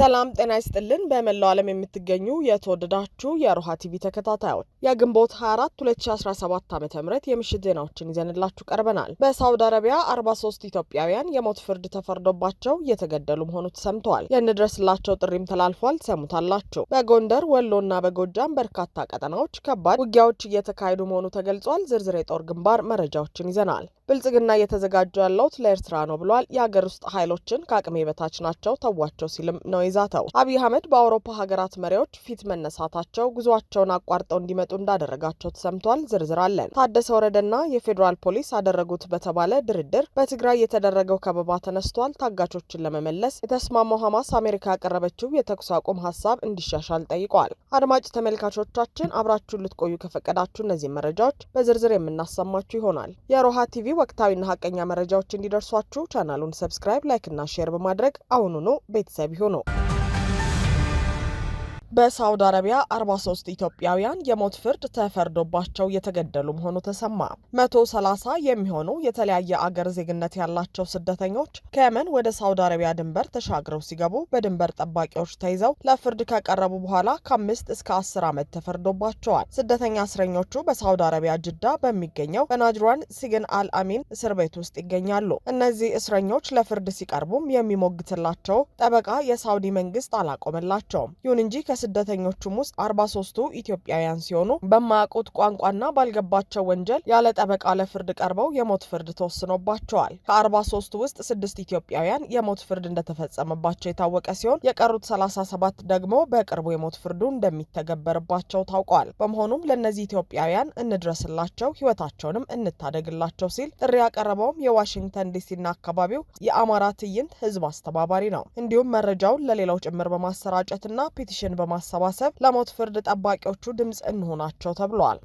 ሰላም ጤና ይስጥልን። በመላው ዓለም የምትገኙ የተወደዳችሁ የሮሃ ቲቪ ተከታታዮች የግንቦት 24 2017 ዓ ም የምሽት ዜናዎችን ይዘንላችሁ ቀርበናል። በሳውዲ አረቢያ 43 ኢትዮጵያውያን የሞት ፍርድ ተፈርዶባቸው እየተገደሉ መሆኑ ተሰምተዋል። የንድረስላቸው ጥሪም ተላልፏል። ሰሙታላችሁ። በጎንደር ወሎና በጎጃም በርካታ ቀጠናዎች ከባድ ውጊያዎች እየተካሄዱ መሆኑ ተገልጿል። ዝርዝር የጦር ግንባር መረጃዎችን ይዘናል። ብልጽግና እየተዘጋጁ ያለውት ለኤርትራ ነው ብሏል። የአገር ውስጥ ኃይሎችን ከአቅሜ በታች ናቸው ተዋቸው ሲልም ነው ይዛተው አብይ አህመድ በአውሮፓ ሀገራት መሪዎች ፊት መነሳታቸው ጉዟቸውን አቋርጠው እንዲመጡ እንዳደረጋቸው ተሰምቷል። ዝርዝር አለን። ታደሰ ወረደና የፌዴራል ፖሊስ አደረጉት በተባለ ድርድር በትግራይ የተደረገው ከበባ ተነስቷል። ታጋቾችን ለመመለስ የተስማማው ሀማስ አሜሪካ ያቀረበችው የተኩስ አቁም ሀሳብ እንዲሻሻል ጠይቋል። አድማጭ ተመልካቾቻችን አብራችሁን ልትቆዩ ከፈቀዳችሁ እነዚህ መረጃዎች በዝርዝር የምናሰማችሁ ይሆናል። የሮሃ ቲቪ ወቅታዊና ሀቀኛ መረጃዎች እንዲደርሷችሁ ቻናሉን ሰብስክራይብ፣ ላይክና ሼር በማድረግ አሁኑኑ ቤተሰብ ይሁኑ። በሳውዲ አረቢያ 43 ኢትዮጵያውያን የሞት ፍርድ ተፈርዶባቸው የተገደሉ መሆኑ ተሰማ። 130 የሚሆኑ የተለያየ አገር ዜግነት ያላቸው ስደተኞች ከየመን ወደ ሳውዲ አረቢያ ድንበር ተሻግረው ሲገቡ በድንበር ጠባቂዎች ተይዘው ለፍርድ ከቀረቡ በኋላ ከአምስት እስከ አስር ዓመት ተፈርዶባቸዋል። ስደተኛ እስረኞቹ በሳውዲ አረቢያ ጅዳ በሚገኘው በናጅሯን ሲግን አል አሚን እስር ቤት ውስጥ ይገኛሉ። እነዚህ እስረኞች ለፍርድ ሲቀርቡም የሚሞግትላቸው ጠበቃ የሳውዲ መንግስት አላቆመላቸውም። ይሁን እንጂ ከስደተኞቹም ውስጥ አርባ ሶስቱ ኢትዮጵያውያን ሲሆኑ በማያውቁት ቋንቋና ባልገባቸው ወንጀል ያለ ጠበቃ ለፍርድ ቀርበው የሞት ፍርድ ተወስኖባቸዋል። ከአርባ ሶስቱ ውስጥ ስድስት ኢትዮጵያውያን የሞት ፍርድ እንደተፈጸመባቸው የታወቀ ሲሆን የቀሩት ሰላሳ ሰባት ደግሞ በቅርቡ የሞት ፍርዱ እንደሚተገበርባቸው ታውቋል። በመሆኑም ለእነዚህ ኢትዮጵያውያን እንድረስላቸው፣ ህይወታቸውንም እንታደግላቸው ሲል ጥሪ ያቀረበውም የዋሽንግተን ዲሲና አካባቢው የአማራ ትዕይንት ህዝብ አስተባባሪ ነው። እንዲሁም መረጃውን ለሌላው ጭምር በማሰራጨትና ፒቲሽን በ በማሰባሰብ ለሞት ፍርድ ጠባቂዎቹ ድምፅ እንሆናቸው ተብሏል።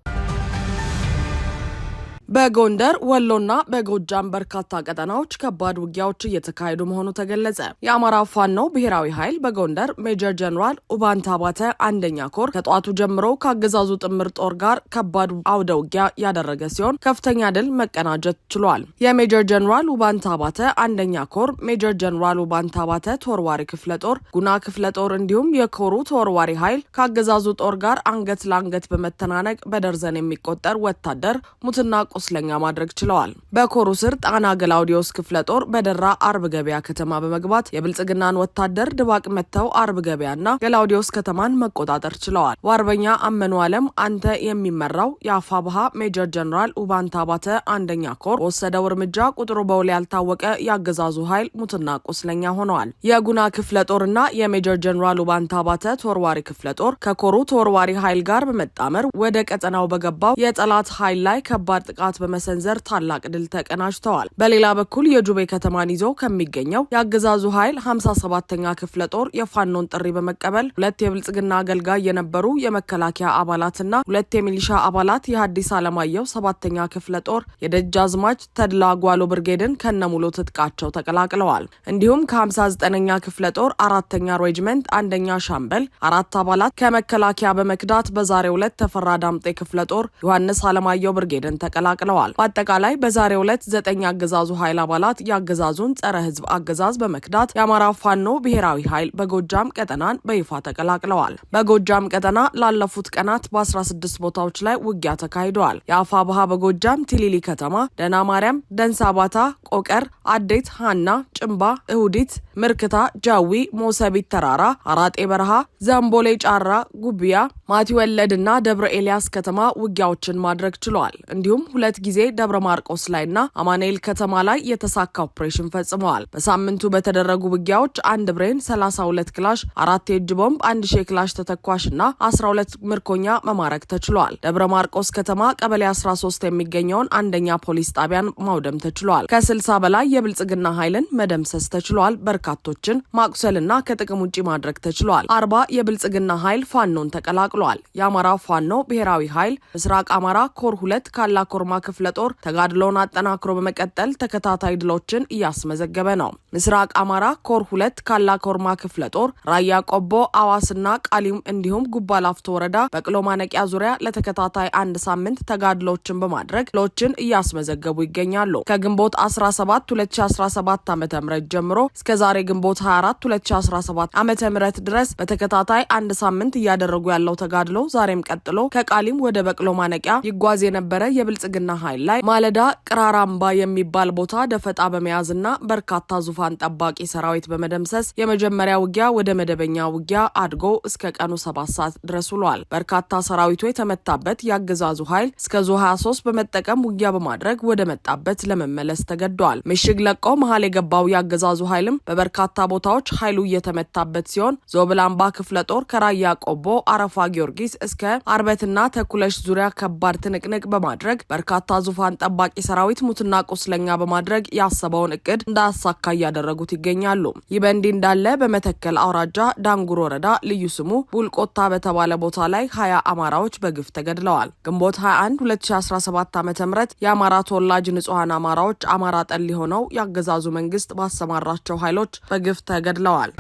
በጎንደር ወሎና በጎጃም በርካታ ቀጠናዎች ከባድ ውጊያዎች እየተካሄዱ መሆኑ ተገለጸ። የአማራ ፋኖ ብሔራዊ ኃይል በጎንደር ሜጀር ጀኔራል ኡባንታ ባተ አንደኛ ኮር ከጠዋቱ ጀምሮ ከአገዛዙ ጥምር ጦር ጋር ከባድ አውደ ውጊያ ያደረገ ሲሆን ከፍተኛ ድል መቀናጀት ችሏል። የሜጀር ጀኔራል ኡባንታ ባተ አንደኛ ኮር ሜጀር ጀኔራል ኡባንታ ባተ ተወርዋሪ ክፍለ ጦር፣ ጉና ክፍለ ጦር እንዲሁም የኮሩ ተወርዋሪ ኃይል ከአገዛዙ ጦር ጋር አንገት ለአንገት በመተናነቅ በደርዘን የሚቆጠር ወታደር ሙትና ቁስለኛ ማድረግ ችለዋል። በኮሩ ስር ጣና ገላውዲዮስ ክፍለ ጦር በደራ አርብ ገበያ ከተማ በመግባት የብልጽግናን ወታደር ድባቅ መጥተው አርብ ገበያና ገላውዲዮስ ከተማን መቆጣጠር ችለዋል። ዋርበኛ አመኑ አለም አንተ የሚመራው የአፋ ባሃ ሜጀር ጀነራል ውባንታ ባተ አንደኛ ኮር በወሰደው እርምጃ ቁጥሩ በውል ያልታወቀ የአገዛዙ ኃይል ሙትና ቁስለኛ ሆነዋል። የጉና ክፍለ ጦርና የሜጀር ጀነራል ውባንታ ባተ ተወርዋሪ ክፍለ ጦር ከኮሩ ተወርዋሪ ኃይል ጋር በመጣመር ወደ ቀጠናው በገባው የጠላት ኃይል ላይ ከባድ ጥቃት ጥቃት በመሰንዘር ታላቅ ድል ተቀናጅተዋል። በሌላ በኩል የጁቤ ከተማን ይዞ ከሚገኘው የአገዛዙ ኃይል 57ተኛ ክፍለ ጦር የፋኖን ጥሪ በመቀበል ሁለት የብልጽግና አገልጋይ የነበሩ የመከላከያ አባላትና ሁለት የሚሊሻ አባላት የሀዲስ ዓለማየሁ ሰባተኛ ክፍለ ጦር የደጃዝማች ተድላ ጓሎ ብርጌድን ከነሙሉ ትጥቃቸው ተቀላቅለዋል። እንዲሁም ከ59ኛ ክፍለ ጦር አራተኛ ሬጅመንት አንደኛ ሻምበል አራት አባላት ከመከላከያ በመክዳት በዛሬው ዕለት ተፈራ ዳምጤ ክፍለ ጦር ዮሐንስ ዓለማየሁ ብርጌድን ተቀላቅለዋል። ተቀላቅለዋል። በአጠቃላይ በዛሬው ዕለት ዘጠኝ የአገዛዙ ኃይል አባላት የአገዛዙን ጸረ ህዝብ አገዛዝ በመክዳት የአማራ ፋኖ ብሔራዊ ኃይል በጎጃም ቀጠናን በይፋ ተቀላቅለዋል። በጎጃም ቀጠና ላለፉት ቀናት በ16 ቦታዎች ላይ ውጊያ ተካሂደዋል። የአፋ ባሃ በጎጃም ቲሊሊ ከተማ፣ ደና ማርያም፣ ደንሳባታ፣ ቆቀር፣ አዴት፣ ሃና፣ ጭንባ፣ እሁዲት፣ ምርክታ፣ ጃዊ፣ ሞሰቢት ተራራ፣ አራጤ በረሃ፣ ዘምቦሌ ጫራ፣ ጉብያ፣ ማቲ ወለድና ደብረ ኤልያስ ከተማ ውጊያዎችን ማድረግ ችለዋል። እንዲሁም ሁለት ጊዜ ደብረ ማርቆስ ላይና አማኑኤል ከተማ ላይ የተሳካ ኦፕሬሽን ፈጽመዋል። በሳምንቱ በተደረጉ ውጊያዎች አንድ ብሬን፣ 32 ክላሽ፣ አራት የእጅ ቦምብ፣ አንድ ሺ ክላሽ ተተኳሽና 12 ምርኮኛ መማረክ ተችሏል። ደብረ ማርቆስ ከተማ ቀበሌ 13 የሚገኘውን አንደኛ ፖሊስ ጣቢያን ማውደም ተችሏል። ከ60 በላይ የብልጽግና ኃይልን መደምሰስ ተችሏል። በርካቶችን ማቁሰልና ከጥቅም ውጭ ማድረግ ተችሏል። አርባ የብልጽግና ኃይል ፋኖን ተቀላቅሏል። የአማራ ፋኖ ብሔራዊ ኃይል ምስራቅ አማራ ኮር ሁለት ካላ ኮርማ ክፍለ ጦር ተጋድሎውን አጠናክሮ በመቀጠል ተከታታይ ድሎችን እያስመዘገበ ነው። ምስራቅ አማራ ኮር ሁለት ካላ ኮርማ ክፍለ ጦር ራያ ቆቦ፣ አዋስና ቃሊም እንዲሁም ጉባላፍቶ ወረዳ በቅሎ ማነቂያ ዙሪያ ለተከታታይ አንድ ሳምንት ተጋድሎችን በማድረግ ድሎችን እያስመዘገቡ ይገኛሉ። ከግንቦት 17 2017 ዓ ም ጀምሮ እስከ ዛሬ ግንቦት 24 2017 ዓ ም ድረስ በተከታታይ አንድ ሳምንት እያደረጉ ያለው ተጋድሎ ዛሬም ቀጥሎ ከቃሊም ወደ በቅሎ ማነቂያ ይጓዝ የነበረ የብልጽግና ኃይል ላይ ማለዳ ቅራራምባ የሚባል ቦታ ደፈጣ በመያዝና በርካታ ዙፋን ጠባቂ ሰራዊት በመደምሰስ የመጀመሪያ ውጊያ ወደ መደበኛ ውጊያ አድጎ እስከ ቀኑ ሰባት ሰዓት ድረስ ውሏል። በርካታ ሰራዊቱ የተመታበት የአገዛዙ ኃይል እስከ ዙ 23 በመጠቀም ውጊያ በማድረግ ወደ መጣበት ለመመለስ ተገዷል። ምሽግ ምሽግ ለቆ መሀል የገባው የአገዛዙ ኃይልም በበርካታ ቦታዎች ኃይሉ እየተመታበት ሲሆን ዞብላምባ ክፍለ ጦር ከራያ ቆቦ አረፋ ጊዮርጊስ እስከ አርበትና ተኩለሽ ዙሪያ ከባድ ትንቅንቅ በማድረግ በርካታ ዙፋን ጠባቂ ሰራዊት ሙትና ቁስለኛ በማድረግ ያሰበውን እቅድ እንዳያሳካ እያደረጉት ይገኛሉ። ይህ በእንዲህ እንዳለ በመተከል አውራጃ ዳንጉር ወረዳ ልዩ ስሙ ቡልቆታ በተባለ ቦታ ላይ ሀያ አማራዎች በግፍ ተገድለዋል። ግንቦት 21 2017 ዓ ም የአማራ ተወላጅ ንጹሐን አማራዎች አማራ ጠል ሆነው የአገዛዙ መንግስት ባሰማራቸው ኃይሎች በግፍ ተገድለዋል።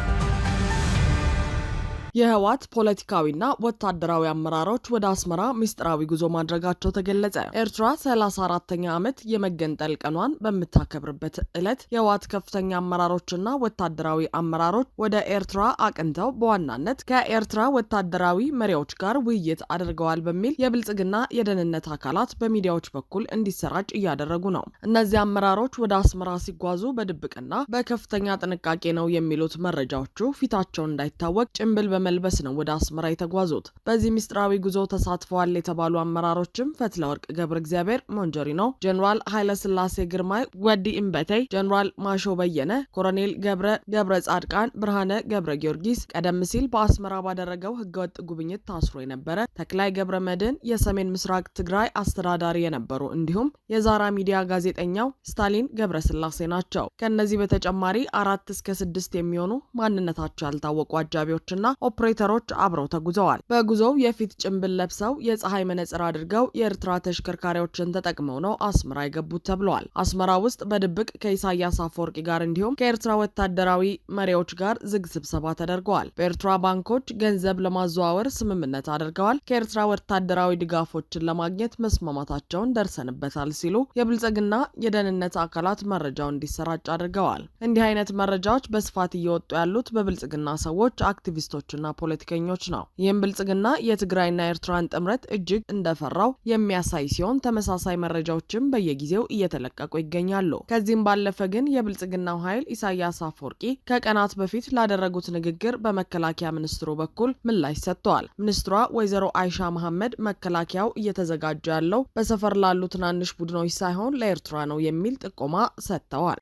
የህወሓት ፖለቲካዊና ወታደራዊ አመራሮች ወደ አስመራ ምስጢራዊ ጉዞ ማድረጋቸው ተገለጸ። ኤርትራ 34ተኛ ዓመት የመገንጠል ቀኗን በምታከብርበት ዕለት የህወሓት ከፍተኛ አመራሮችና ወታደራዊ አመራሮች ወደ ኤርትራ አቅንተው በዋናነት ከኤርትራ ወታደራዊ መሪዎች ጋር ውይይት አድርገዋል በሚል የብልጽግና የደህንነት አካላት በሚዲያዎች በኩል እንዲሰራጭ እያደረጉ ነው። እነዚህ አመራሮች ወደ አስመራ ሲጓዙ በድብቅና በከፍተኛ ጥንቃቄ ነው የሚሉት መረጃዎቹ ፊታቸውን እንዳይታወቅ ጭንብል በ በመልበስ ነው ወደ አስመራ የተጓዙት። በዚህ ሚስጥራዊ ጉዞ ተሳትፈዋል የተባሉ አመራሮችም ፈትለ ወርቅ ገብረ እግዚአብሔር ሞንጆሪኖ፣ ጀኔራል ስላሴ ግርማይ ወዲ እምበተይ፣ ጀኔራል ማሾ በየነ፣ ኮሎኔል ገብረ ገብረ ጻድቃን፣ ብርሃነ ገብረ ጊዮርጊስ፣ ቀደም ሲል በአስመራ ባደረገው ህገወጥ ጉብኝት ታስሮ የነበረ ተክላይ ገብረ መድን የሰሜን ምስራቅ ትግራይ አስተዳዳሪ የነበሩ እንዲሁም የዛራ ሚዲያ ጋዜጠኛው ስታሊን ገብረ ስላሴ ናቸው። ከእነዚህ በተጨማሪ አራት እስከ ስድስት የሚሆኑ ማንነታቸው ያልታወቁ አጃቢዎችና ኦፕሬተሮች አብረው ተጉዘዋል። በጉዞው የፊት ጭንብል ለብሰው የፀሐይ መነጽር አድርገው የኤርትራ ተሽከርካሪዎችን ተጠቅመው ነው አስመራ የገቡት ተብለዋል። አስመራ ውስጥ በድብቅ ከኢሳያስ አፈወርቂ ጋር እንዲሁም ከኤርትራ ወታደራዊ መሪዎች ጋር ዝግ ስብሰባ ተደርገዋል። በኤርትራ ባንኮች ገንዘብ ለማዘዋወር ስምምነት አድርገዋል። ከኤርትራ ወታደራዊ ድጋፎችን ለማግኘት መስማማታቸውን ደርሰንበታል ሲሉ የብልጽግና የደህንነት አካላት መረጃው እንዲሰራጭ አድርገዋል። እንዲህ አይነት መረጃዎች በስፋት እየወጡ ያሉት በብልጽግና ሰዎች፣ አክቲቪስቶችና ምሁራንና ፖለቲከኞች ነው። ይህም ብልጽግና የትግራይና ኤርትራን ጥምረት እጅግ እንደፈራው የሚያሳይ ሲሆን ተመሳሳይ መረጃዎችም በየጊዜው እየተለቀቁ ይገኛሉ። ከዚህም ባለፈ ግን የብልጽግናው ኃይል ኢሳያስ አፈወርቂ ከቀናት በፊት ላደረጉት ንግግር በመከላከያ ሚኒስትሩ በኩል ምላሽ ሰጥተዋል። ሚኒስትሯ ወይዘሮ አይሻ መሐመድ መከላከያው እየተዘጋጀ ያለው በሰፈር ላሉ ትናንሽ ቡድኖች ሳይሆን ለኤርትራ ነው የሚል ጥቆማ ሰጥተዋል።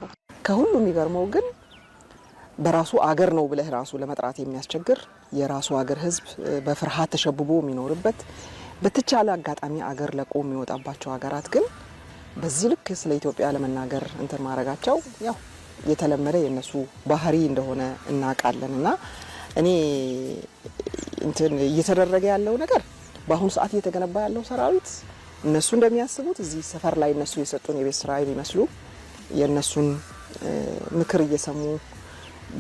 ከሁሉ የሚገርመው ግን በራሱ አገር ነው ብለህ ራሱ ለመጥራት የሚያስቸግር የራሱ ሀገር ህዝብ በፍርሃት ተሸብቦ የሚኖርበት በተቻለ አጋጣሚ አገር ለቆ የሚወጣባቸው ሀገራት ግን በዚህ ልክ ስለ ኢትዮጵያ ለመናገር እንትን ማድረጋቸው ያው የተለመደ የእነሱ ባህሪ እንደሆነ እናውቃለን። እና እኔ እንትን እየተደረገ ያለው ነገር በአሁኑ ሰዓት እየተገነባ ያለው ሰራዊት እነሱ እንደሚያስቡት እዚህ ሰፈር ላይ እነሱ የሰጡን የቤት ስራ የሚመስሉ የእነሱን ምክር እየሰሙ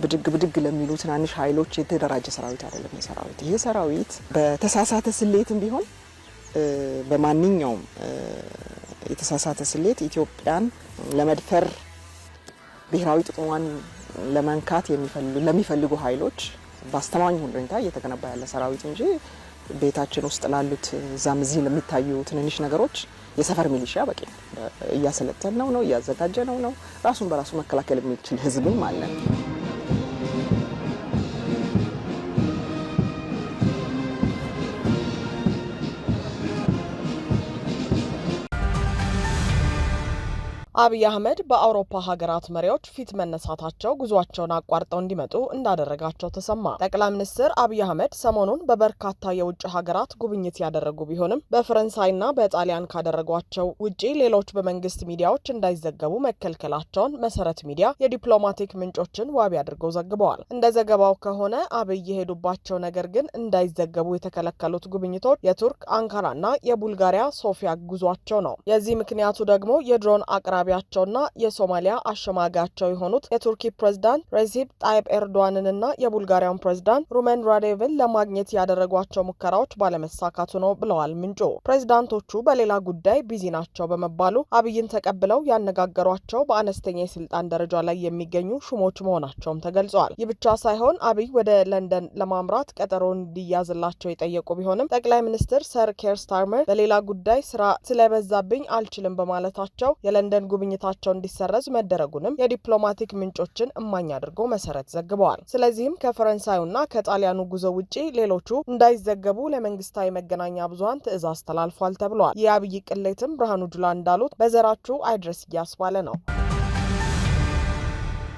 ብድግ ብድግ ለሚሉ ትናንሽ ኃይሎች የተደራጀ ሰራዊት አይደለም። ሰራዊት ይህ ሰራዊት በተሳሳተ ስሌትም ቢሆን በማንኛውም የተሳሳተ ስሌት ኢትዮጵያን ለመድፈር ብሔራዊ ጥቅሟን ለመንካት ለሚፈልጉ ኃይሎች በአስተማኝ ሁኔታ እየተገነባ ያለ ሰራዊት እንጂ ቤታችን ውስጥ ላሉት እዛም እዚህ ለሚታዩ ትንንሽ ነገሮች የሰፈር ሚሊሻ በቂ እያሰለጠን ነው ነው እያዘጋጀ ነው ነው ራሱን በራሱ መከላከል የሚችል ህዝብም አለን። አብይ አህመድ በአውሮፓ ሀገራት መሪዎች ፊት መነሳታቸው ጉዟቸውን አቋርጠው እንዲመጡ እንዳደረጋቸው ተሰማ። ጠቅላይ ሚኒስትር አብይ አህመድ ሰሞኑን በበርካታ የውጭ ሀገራት ጉብኝት ያደረጉ ቢሆንም በፈረንሳይና በጣሊያን ካደረጓቸው ውጪ ሌሎች በመንግስት ሚዲያዎች እንዳይዘገቡ መከልከላቸውን መሰረት ሚዲያ የዲፕሎማቲክ ምንጮችን ዋቢ አድርገው ዘግበዋል። እንደ ዘገባው ከሆነ አብይ የሄዱባቸው ነገር ግን እንዳይዘገቡ የተከለከሉት ጉብኝቶች የቱርክ አንካራና የቡልጋሪያ ሶፊያ ጉዟቸው ነው። የዚህ ምክንያቱ ደግሞ የድሮን አቅራቢ አቅራቢያቸውና የሶማሊያ አሸማጋያቸው የሆኑት የቱርኪ ፕሬዝዳንት ሬዚፕ ጣይብ ኤርዶዋንንና የቡልጋሪያውን ፕሬዝዳንት ሩሜን ራዴቭን ለማግኘት ያደረጓቸው ሙከራዎች ባለመሳካቱ ነው ብለዋል ምንጮ። ፕሬዝዳንቶቹ በሌላ ጉዳይ ቢዚ ናቸው በመባሉ አብይን ተቀብለው ያነጋገሯቸው በአነስተኛ የስልጣን ደረጃ ላይ የሚገኙ ሹሞች መሆናቸውም ተገልጸዋል። ይህ ብቻ ሳይሆን አብይ ወደ ለንደን ለማምራት ቀጠሮ እንዲያዝላቸው የጠየቁ ቢሆንም ጠቅላይ ሚኒስትር ሰር ኬር ስታርመር በሌላ ጉዳይ ስራ ስለበዛብኝ አልችልም በማለታቸው የለንደን ጉብኝታቸው እንዲሰረዝ መደረጉንም የዲፕሎማቲክ ምንጮችን እማኝ አድርገው መሰረት ዘግበዋል። ስለዚህም ከፈረንሳዩና ከጣሊያኑ ጉዞ ውጪ ሌሎቹ እንዳይዘገቡ ለመንግስታዊ መገናኛ ብዙሀን ትዕዛዝ ተላልፏል ተብሏል። የአብይ ቅሌትም ብርሃኑ ጁላ እንዳሉት በዘራችሁ አይድረስ እያስባለ ነው።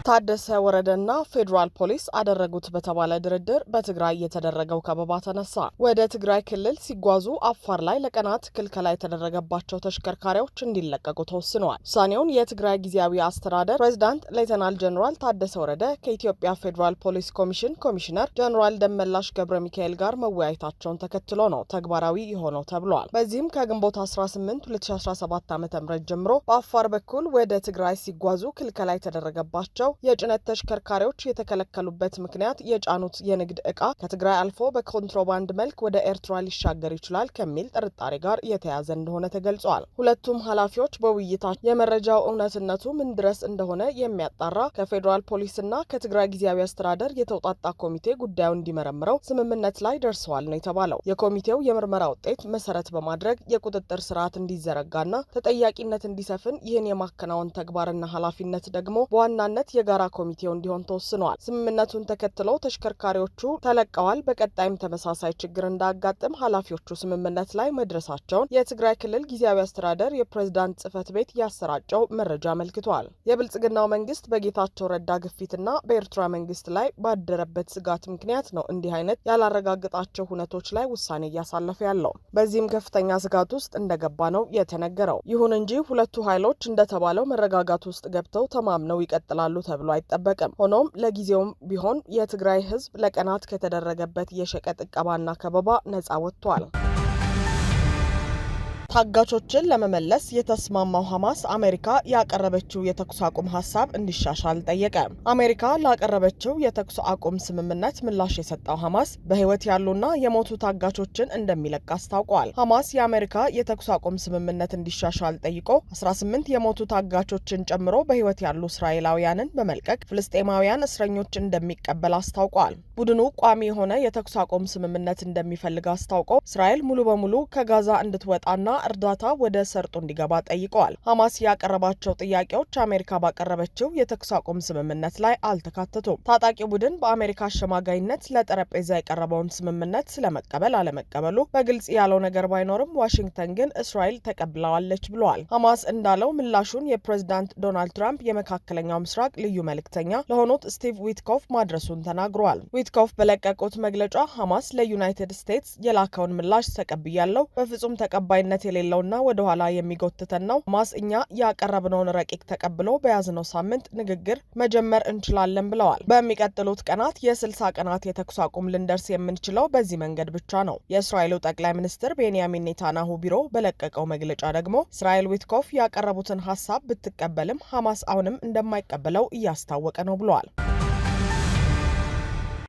ታደሰ ወረደና ፌዴራል ፖሊስ አደረጉት በተባለ ድርድር በትግራይ የተደረገው ከበባ ተነሳ። ወደ ትግራይ ክልል ሲጓዙ አፋር ላይ ለቀናት ክልከላ የተደረገባቸው ተሽከርካሪዎች እንዲለቀቁ ተወስነዋል። ውሳኔውን የትግራይ ጊዜያዊ አስተዳደር ፕሬዚዳንት ሌተናል ጀኔራል ታደሰ ወረደ ከኢትዮጵያ ፌዴራል ፖሊስ ኮሚሽን ኮሚሽነር ጀኔራል ደመላሽ ገብረ ሚካኤል ጋር መወያየታቸውን ተከትሎ ነው ተግባራዊ የሆነው ተብሏል። በዚህም ከግንቦት 18 2017 ዓ ም ጀምሮ በአፋር በኩል ወደ ትግራይ ሲጓዙ ክልከላ የተደረገባቸው የጭነት ተሽከርካሪዎች የተከለከሉበት ምክንያት የጫኑት የንግድ ዕቃ ከትግራይ አልፎ በኮንትሮባንድ መልክ ወደ ኤርትራ ሊሻገር ይችላል ከሚል ጥርጣሬ ጋር የተያዘ እንደሆነ ተገልጿል። ሁለቱም ኃላፊዎች በውይይታቸው የመረጃው እውነትነቱ ምን ድረስ እንደሆነ የሚያጣራ ከፌዴራል ፖሊስና ከትግራይ ጊዜያዊ አስተዳደር የተውጣጣ ኮሚቴ ጉዳዩ እንዲመረምረው ስምምነት ላይ ደርሰዋል ነው የተባለው። የኮሚቴው የምርመራ ውጤት መሰረት በማድረግ የቁጥጥር ስርዓት እንዲዘረጋና ተጠያቂነት እንዲሰፍን ይህን የማከናወን ተግባርና ኃላፊነት ደግሞ በዋናነት የጋራ ኮሚቴው እንዲሆን ተወስነዋል። ስምምነቱን ተከትሎ ተሽከርካሪዎቹ ተለቀዋል። በቀጣይም ተመሳሳይ ችግር እንዳያጋጥም ኃላፊዎቹ ስምምነት ላይ መድረሳቸውን የትግራይ ክልል ጊዜያዊ አስተዳደር የፕሬዝዳንት ጽህፈት ቤት ያሰራጨው መረጃ አመልክቷል። የብልጽግናው መንግስት በጌታቸው ረዳ ግፊትና በኤርትራ መንግስት ላይ ባደረበት ስጋት ምክንያት ነው እንዲህ አይነት ያላረጋገጣቸው ሁነቶች ላይ ውሳኔ እያሳለፈ ያለው። በዚህም ከፍተኛ ስጋት ውስጥ እንደገባ ነው የተነገረው። ይሁን እንጂ ሁለቱ ኃይሎች እንደተባለው መረጋጋት ውስጥ ገብተው ተማምነው ይቀጥላሉ ተብሎ አይጠበቅም። ሆኖም ለጊዜውም ቢሆን የትግራይ ህዝብ ለቀናት ከተደረገበት የሸቀጥ እቀባና ከበባ ነጻ ወጥቷል። ታጋቾችን ለመመለስ የተስማማው ሐማስ አሜሪካ ያቀረበችው የተኩስ አቁም ሀሳብ እንዲሻሻል ጠየቀ። አሜሪካ ላቀረበችው የተኩስ አቁም ስምምነት ምላሽ የሰጠው ሐማስ በሕይወት ያሉና የሞቱ ታጋቾችን እንደሚለቅ አስታውቋል። ሐማስ የአሜሪካ የተኩስ አቁም ስምምነት እንዲሻሻል ጠይቆ 18 የሞቱ ታጋቾችን ጨምሮ በህይወት ያሉ እስራኤላውያንን በመልቀቅ ፍልስጤማውያን እስረኞች እንደሚቀበል አስታውቋል። ቡድኑ ቋሚ የሆነ የተኩስ አቁም ስምምነት እንደሚፈልግ አስታውቆ እስራኤል ሙሉ በሙሉ ከጋዛ እንድትወጣና እርዳታ ወደ ሰርጡ እንዲገባ ጠይቀዋል። ሐማስ ያቀረባቸው ጥያቄዎች አሜሪካ ባቀረበችው የተኩስ አቁም ስምምነት ላይ አልተካተቱም። ታጣቂ ቡድን በአሜሪካ አሸማጋይነት ለጠረጴዛ የቀረበውን ስምምነት ስለመቀበል አለመቀበሉ በግልጽ ያለው ነገር ባይኖርም ዋሽንግተን ግን እስራኤል ተቀብለዋለች ብለዋል። ሐማስ እንዳለው ምላሹን የፕሬዚዳንት ዶናልድ ትራምፕ የመካከለኛው ምስራቅ ልዩ መልእክተኛ ለሆኑት ስቲቭ ዊትኮፍ ማድረሱን ተናግረዋል። ዊትኮፍ በለቀቁት መግለጫ ሐማስ ለዩናይትድ ስቴትስ የላከውን ምላሽ ተቀብያለው፣ በፍጹም ተቀባይነት የሌለውና ወደኋላ የሚጎትተን ነው። ሐማስ እኛ ያቀረብነውን ረቂቅ ተቀብሎ በያዝነው ሳምንት ንግግር መጀመር እንችላለን ብለዋል። በሚቀጥሉት ቀናት የስልሳ ቀናት የተኩስ አቁም ልንደርስ የምንችለው በዚህ መንገድ ብቻ ነው። የእስራኤሉ ጠቅላይ ሚኒስትር ቤንያሚን ኔታናሁ ቢሮ በለቀቀው መግለጫ ደግሞ እስራኤል ዊትኮፍ ያቀረቡትን ሀሳብ ብትቀበልም ሐማስ አሁንም እንደማይቀበለው እያስታወቀ ነው ብለዋል።